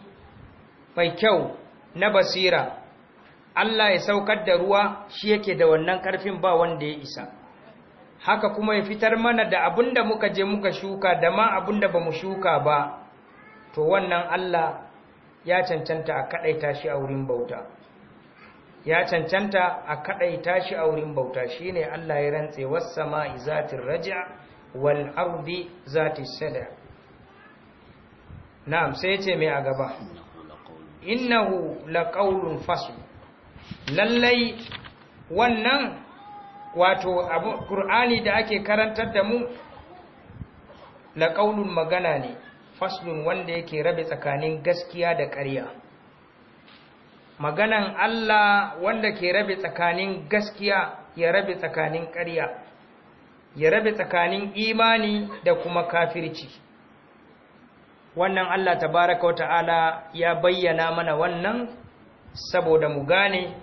mai kyau na basira Allah ya saukar da ruwa shi yake da wannan karfin ba wanda ya isa haka kuma ya fitar mana da da muka je muka shuka da ma da ba mu shuka ba to wannan Allah ya cancanta a kadaita shi a wurin bauta ya cancanta a kadaita tashi a wurin bauta shi ne Allah ya rantse was sama'i raja wal ardi zati sada na'am sai ce mai a gaba innahu laqawlun fasl lallai wannan wato qur'ani da ake karantar da mu laqawlun magana ne faslun wanda yake rabe tsakanin gaskiya da ƙarya maganan Allah wanda ke rabe tsakanin gaskiya ya rabe tsakanin ƙarya ya rabe tsakanin imani da kuma kafirci wannan Allah tabaraka wata'ala ya bayyana mana wannan saboda mu gane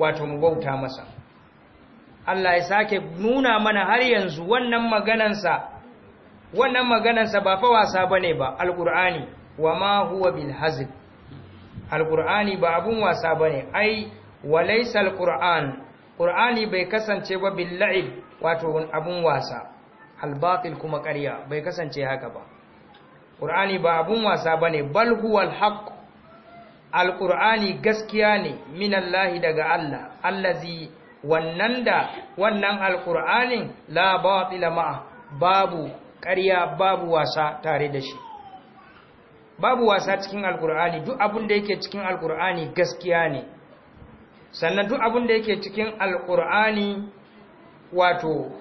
wato mu bauta masa Allah ya sake nuna mana har yanzu wannan maganansa wannan maganansa ba fa wasa bane ba alqur'ani wama huwa bil hazib alqur'ani ba abun wasa bane ai Walaisal-Ƙur'an. qur'ani bai kasance ba la'ib. wato abun wasa albatil kuma ƙarya bai kasance haka ba qur'ani ba abun wasa bane bal huwal haqq alqur'ani gaskiya ne minallahi daga Allah allazi wannan da wannan alqur'anin la batila ma babu ƙarya babu wasa tare da shi babu wasa cikin alkur'ani duk abin da yake cikin alkur'ani gaskiya ne sannan duk abin da yake cikin alkur'ani wato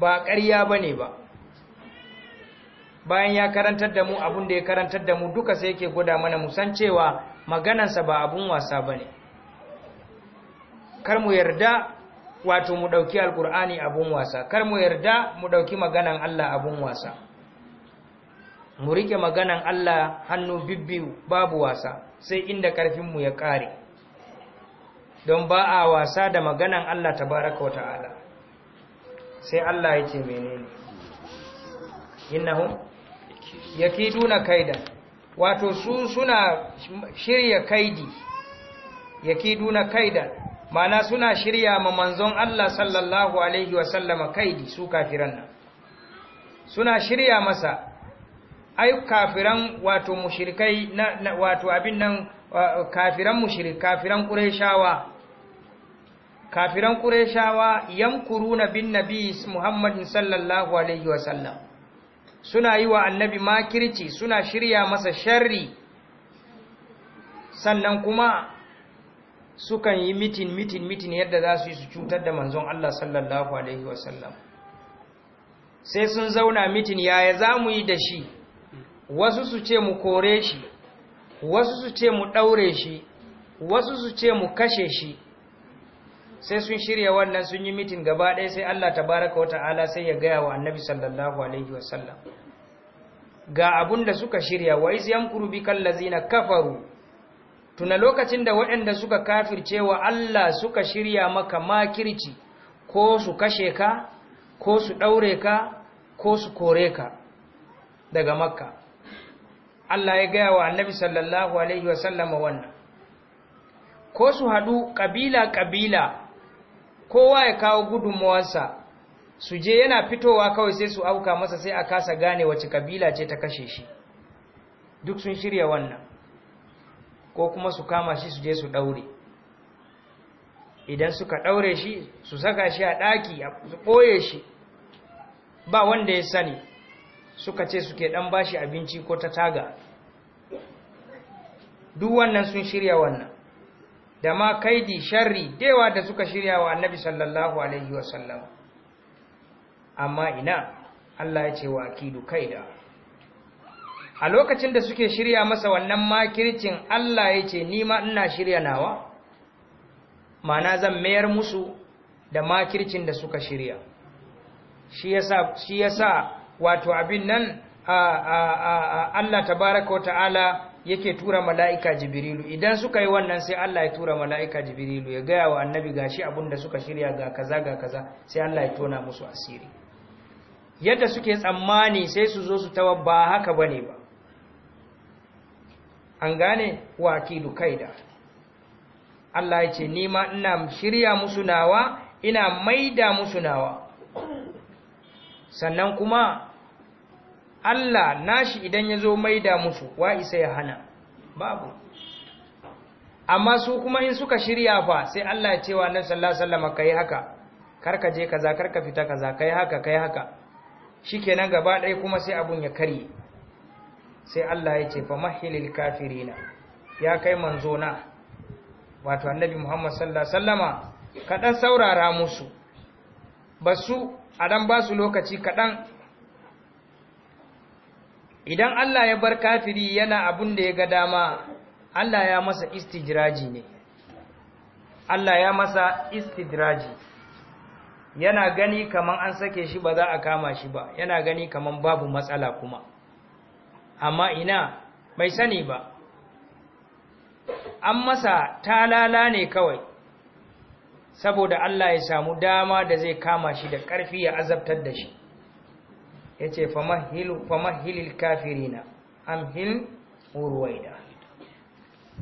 ba ƙarya ba ne ba bayan ya karantar da mu abin da ya karantar da mu duka sai yake gwada mana musan cewa maganansa ba abin wasa ba ne kar mu yarda wato mu ɗauki alkur'ani abin wasa kar mu yarda mu ɗauki maganan allah abin wasa mu rike maganan Allah hannu bibbiyu babu wasa sai inda ƙarfinmu ya ƙare don ba a wasa da maganan Allah tabaraka wa ta'ala sai Allah ya ce menene innahum yakiduna kaida wato su suna shirya kaidi yakiduna kaida mana suna shirya ma manzon Allah sallallahu alaihi wa sallama kaidi su kafiran nan suna shirya masa ai kafiran wato mushrikai na, wato abin nan kafiran mushrik kafiran qurayshawa kafiran qurayshawa yamkuruna bin nabi Muhammad sallallahu alaihi wasallam suna yi wa annabi makirci suna shirya masa sharri sannan kuma sukan yi mitin mitin mitin yadda za su yi su cutar da manzon Allah sallallahu alaihi wasallam sai sun zauna mitin yaya za mu yi da shi wasu su ce mu kore shi wasu su ce mu ɗaure shi wasu su ce mu kashe shi sai sun shirya wannan sun yi mitin gaba ɗaya sai Allah baraka wa ta'ala sai ya gaya wa annabi sallallahu alaihi wasallam ga abun da suka shirya wa iz kan bikal ladzina kafaru tuna lokacin da waɗanda suka kafirce wa Allah suka shirya maka makirci ko su kashe ka ko su ɗaure ka ko su kore ka daga makka Allah ya gaya wa annabi sallallahu alaihi wasallama wannan ko su haɗu ƙabila-ƙabila kowa ya kawo gudunmawarsa su je yana fitowa kawai sai su auka masa sai a kasa gane wace kabila ce ta kashe shi duk sun shirya wannan ko kuma su kama shi su je su ɗaure idan suka ɗaure shi su saka shi a ɗaki su ɓoye shi ba wanda ya sani suka ce suke dan bashi abinci ko ta taga duk wannan sun shirya wannan da ma kaidi sharri dewa da suka shirya wa annabi sallallahu alaihi wasallam amma ina Allah ya ce wa akidu kaida a lokacin da suke shirya masa wannan makircin Allah ya ce ni ma ina shirya nawa mana zan mayar musu da makircin da suka shirya shi yasa shi yasa wato abin nan Allah tabaraka wa ta'ala yake tura mala'ika jibrilu idan suka yi wannan sai Allah ya tura mala'ika jibrilu ya gaya wa annabi gashi abin da suka shirya ga kaza ga kaza sai Allah ya tona musu asiri yadda suke tsammani sai su zo su tawa ba haka ba ne ba an gane wa da. Allah ya ce ni ina shirya musu nawa ina maida musu nawa sannan kuma Allah nashi idan ya zo maida musu wa isa ya hana babu amma su kuma in suka shirya fa sai Allah ya ce wa annabi sallallahu alaihi wasallam kai haka karka je kaza karka fita kaza kai haka kai haka shikenan gaba ɗaya kuma sai abun ya karye sai Allah ya ce fa mahilil kafirina ya kai manzo na wato annabi Muhammad sallallahu alaihi wasallama kaɗan saurara musu basu a dan ba su lokaci kaɗan idan Allah ya bar kafiri yana abin da ya ga dama Allah ya masa istijiraji ne Allah ya masa istidraji yana gani kaman an sake shi ba za a kama shi ba yana gani kaman babu matsala kuma amma ina bai sani ba an masa talala ne kawai saboda Allah ya samu dama da zai kama shi da ƙarfi ya azabtar da shi ya ce famahilil kafirina amhil urwaida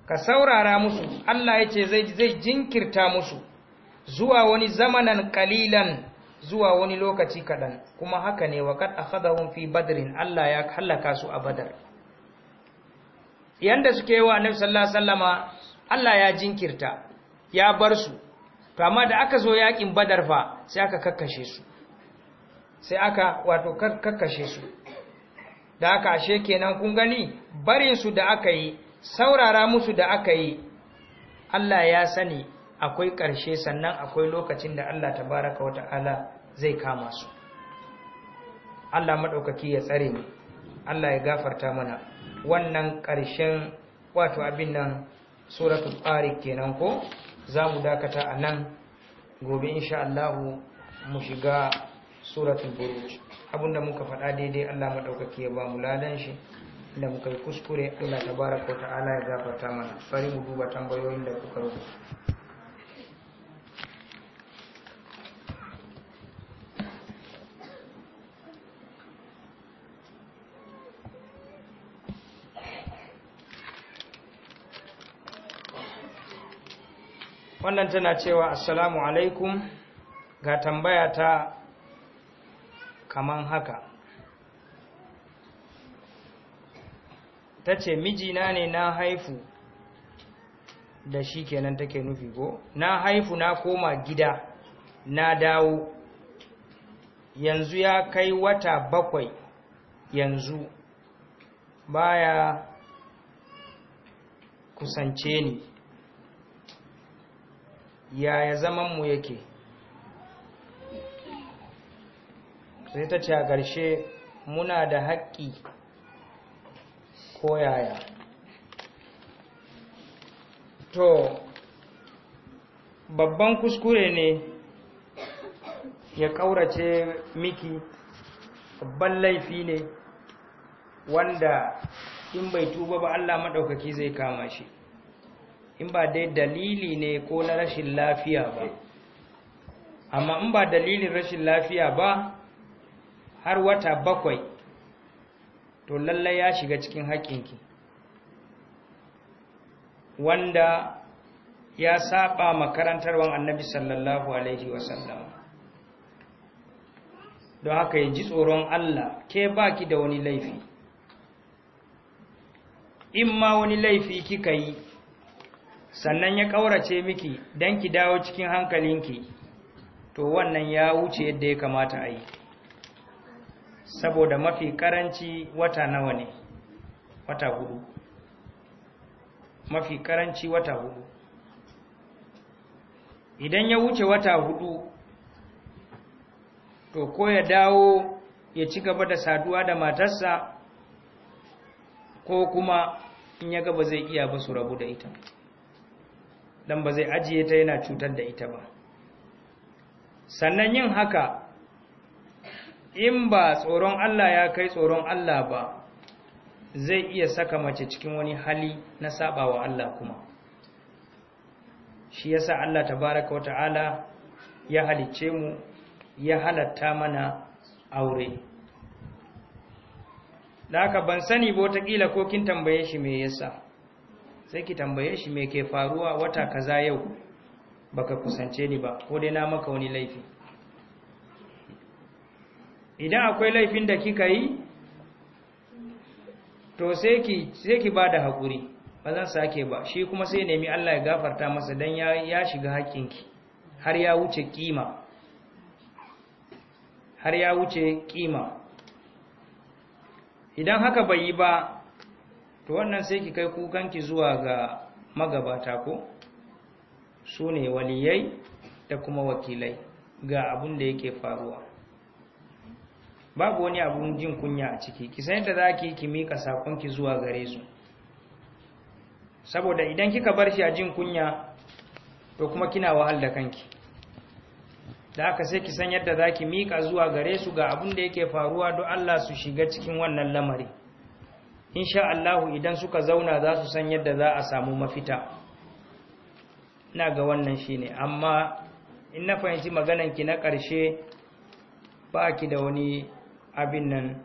ka saurara musu Allah ya ce zai jinkirta musu zuwa wani zamanan kalilan zuwa wani lokaci kaɗan kuma haka ne wakar a haɗahun fi badirin Allah ya hallaka su a badar yadda suke wa annabi sallama Allah ya jinkirta ya bar su to amma da aka zo yaƙin badar fa sai aka kakkashe su sai aka wato karkashe su da aka ashe kenan kun gani barin su da aka yi saurara musu da aka yi Allah ya sani akwai ƙarshe sannan akwai lokacin da Allah tabaraka wata'ala zai kama su Allah maɗaukaki ya tsare mu Allah ya gafarta mana wannan ƙarshen wato abin nan suratul ƙari kenan ko za mu dakata a nan gobe insha Allah mu shiga suratul buruj da muka faɗa daidai Allah madaukaki ya ba mu ladan shi da muka yi kuskure Allah tabaraka wa ta'ala ya gafarta mana bari mu duba tambayoyin da kuka rubuta wannan tana cewa assalamu alaikum ga tambaya ta kaman haka ta ce mijina ne na haifu da shi kenan take nufi ko na haifu na koma gida na dawo yanzu ya kai wata bakwai yanzu baya kusance ni yaya zamanmu yake sai ta ce a ƙarshe muna da haƙƙi koyaya to babban kuskure ne ya ƙaurace miki babban laifi ne wanda in bai tuba ba Allah maɗaukaki zai kama shi in ba dai dalili ne ko na rashin lafiya ba amma in ba dalilin rashin lafiya ba har wata bakwai to lallai ya shiga cikin haƙƙinki wanda ya saba makarantarwan annabi sallallahu alaihi wasallam don haka ya ji tsoron Allah ke baki da wani laifi in ma wani laifi kika yi sannan ya ƙaurace miki don ki dawo cikin hankalinki to wannan ya wuce yadda ya kamata a yi saboda mafi karanci wata nawa ne wata hudu mafi karanci wata hudu idan ya wuce wata hudu to ko ya dawo ya ci gaba da saduwa da matarsa ko kuma in ya gaba zai iya ba su rabu da ita dan ba zai ajiye ta yana cutar da ita ba sannan yin haka in ba tsoron Allah ya kai tsoron Allah ba zai iya saka mace cikin wani hali na sabawa Allah kuma shi yasa Allah tabaraka ta'ala ya halicce mu ya halatta mana aure da haka ban sani ba watakila ko kin tambaye shi me yasa sai ki tambaye shi me ke faruwa wata kaza yau baka kusance ni ba ko dai na maka wani laifi idan akwai laifin da kika yi to sai ki sai ki bada hakuri ba zan sake ba shi kuma sai nemi Allah ya gafarta masa dan ya ya shiga haƙinki har ya wuce kima har ya wuce kima idan haka bai yi ba to wannan sai ki kai kukanki zuwa ga magabata ko su ne waliyai da kuma wakilai ga abin da yake faruwa babu wani abun jin kunya a ciki ki san yadda za ki ki sakon ki zuwa gare su saboda idan kika bar shi a jin kunya to kuma kina wahal da kanki da aka sai ki san yadda za ki mika zuwa gare su ga abun da yake faruwa don Allah su shiga cikin wannan lamari insha Allah idan suka zauna za su san yadda za a samu mafita ina ga wannan shine amma in na fahimci ki na ƙarshe ba ki da wani abin nan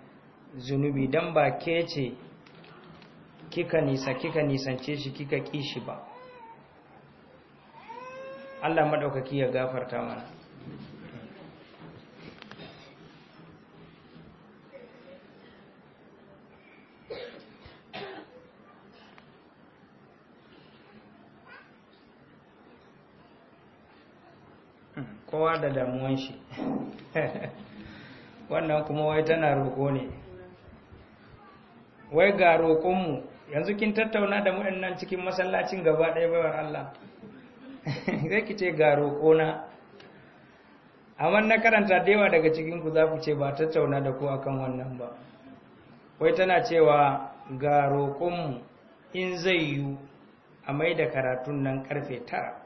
zunubi don ba ke ce kika nisa kika nisance shi kika ki shi ba Allah maɗaukaki ya gafarta mana kowa da damuwan shi wannan kuma wai tana roƙo ne wai ga roƙonmu yanzu kin tattauna da waɗannan cikin masallacin gaba ɗaya baiwar Allah zai ki ce ga roƙona amma na karanta da yawa daga cikinku za ku ce ba tattauna da ku akan wannan ba wai tana cewa ga roƙonmu in zai yiwu a mai da karatun nan karfe tara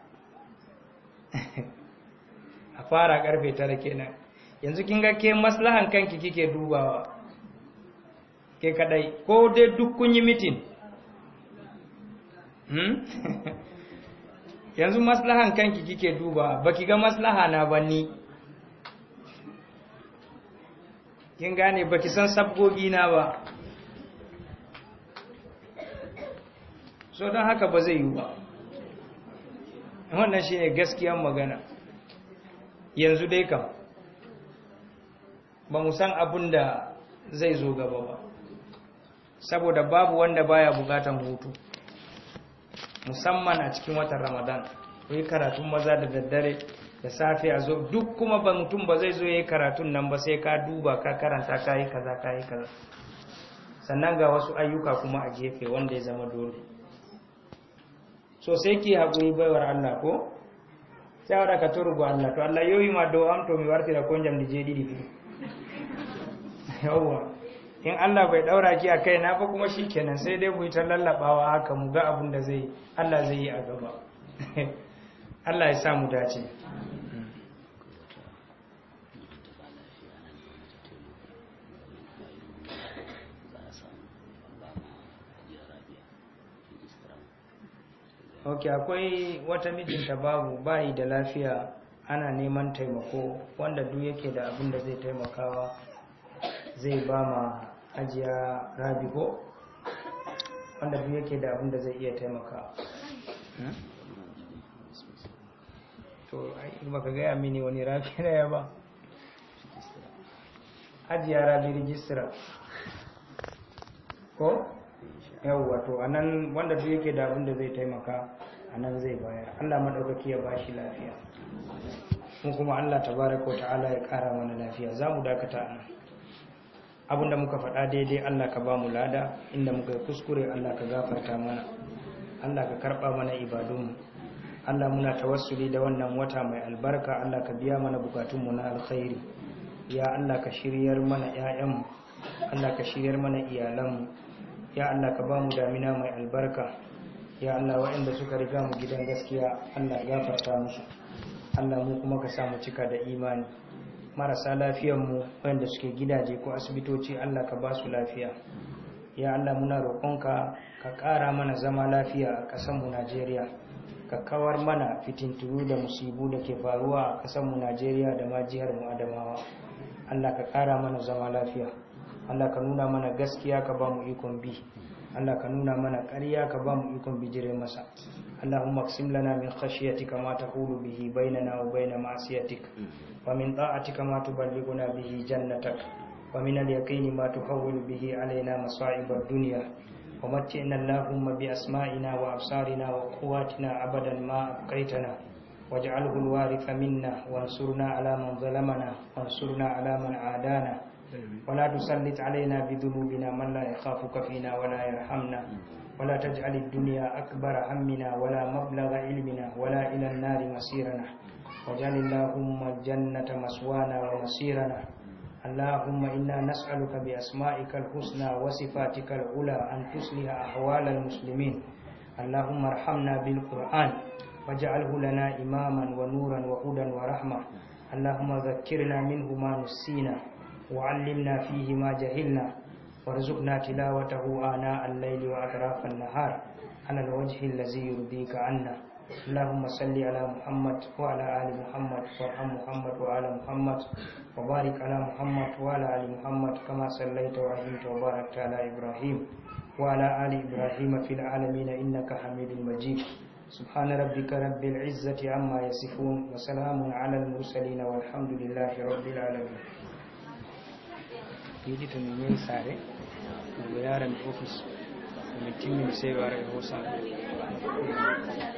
a fara karfe tara kenan yanzu kin ga ke maslahan kanki kike dubawa ke kadai ko dai duk kun yi mitin hmm? yanzu maslahan kanki kike dubawa baki ga maslaha na ba ni kin gane baki san sabgogi na ba so don haka ba zai yi ba wannan shine gaskiyar magana yanzu dai kam ba mu san abin da zai zo gaba ba saboda babu wanda baya bukatan hutu musamman a cikin watan ramadan ko yi karatun maza da daddare da safe a zo duk kuma ba mutum ba zai zo ya yi karatun nan ba sai ka duba ka karanta ka yi kaza ka yi kaza sannan ga wasu ayyuka kuma a gefe wanda ya zama dole Sosai ke haƙuri baiwar allah ko sai wadda ka ga allah to allah yoyi ma do to mi wartira konjam di jeeɗiɗi yawwa in Allah bai daura ki a kai na fa kuma kenan sai dai mu yi ta lallabawa haka mu ga abin da zai Allah zai yi a gaba Allah ya sa mu dace ok akwai wata mijinta babu bayi da lafiya ana neman taimako wanda duk yake da abin da zai taimakawa zai ba ma ajiya ko wanda biyu yake da abin da zai iya taimaka to baka gaya mini wani rabi ya ba ajiya rabi rijistra ko yawwa to anan wanda biyu yake da abin da zai taimaka anan zai bayar Allah maɗaukaki ya bashi lafiya kuma Allah tabaraka wa ta'ala ya kara mana lafiya zamu dakata anan abinda muka faɗa daidai Allah ka ba mu lada inda muka kuskure Allah ka gafarta mana Allah ka karɓa mana ibadunmu Allah muna tawassuli da wannan wata mai albarka Allah ka biya mana bukatunmu na alkhairi ya Allah ka shiryar mana ƴaƴanmu Allah ka shiryar mana iyalanmu ya Allah ka ba mu damina mai albarka ya Allah waɗanda suka riga mu gidan gaskiya Allah gafarta musu Allah mu kuma ka samu cika da imani marasa lafiyanmu wanda suke gidaje ko asibitoci Allah ka ba su lafiya ya Allah muna roƙonka ka ƙara mana zama lafiya a ƙasarmu Najeriya ka kawar mana fitintunu da musibu da ke faruwa a ƙasarmu Najeriya da ma jiharmu Adamawa Allah ka ƙara mana zama lafiya Allah ka nuna mana gaskiya ka ba mu ikon bi Allah ka nuna mana ƙarya ka ba mu ikon bijire masa اللهم اقسم لنا من خشيتك ما تقول به بيننا وبين معصيتك ومن طاعتك ما تبلغنا به جنتك ومن اليقين ما تحول به علينا مصائب الدنيا ومتئنا اللهم بأسمائنا وأبصارنا وقواتنا أبدا ما أبقيتنا واجعله الوارث منا وانصرنا على من ظلمنا وانصرنا على من عادانا ولا تسلط علينا بذنوبنا من لا يخافك فينا ولا يرحمنا ولا تجعل الدنيا أكبر همنا ولا مبلغ علمنا ولا إلى النار مسيرنا واجعل اللهم الجنة مسوانا ومسيرنا اللهم إنا نسألك بأسمائك الحسنى وصفاتك العلى أن تصلح أحوال المسلمين اللهم ارحمنا بالقرآن واجعله لنا إماما ونورا وهدى ورحمة اللهم ذكرنا منه ما نسينا وعلمنا فيه ما جهلنا وارزقنا تلاوته آناء الليل وأطراف النهار على الوجه الذي يرضيك عنا اللهم صل على محمد وعلى آل محمد وارحم محمد وعلى محمد وبارك على محمد وعلى آل محمد كما صليت ورحمت وباركت على إبراهيم وعلى آل إبراهيم في العالمين إنك حميد مجيد سبحان ربك رب العزة عما يصفون وسلام على المرسلين والحمد لله رب العالمين we are an office and the kingdom savior of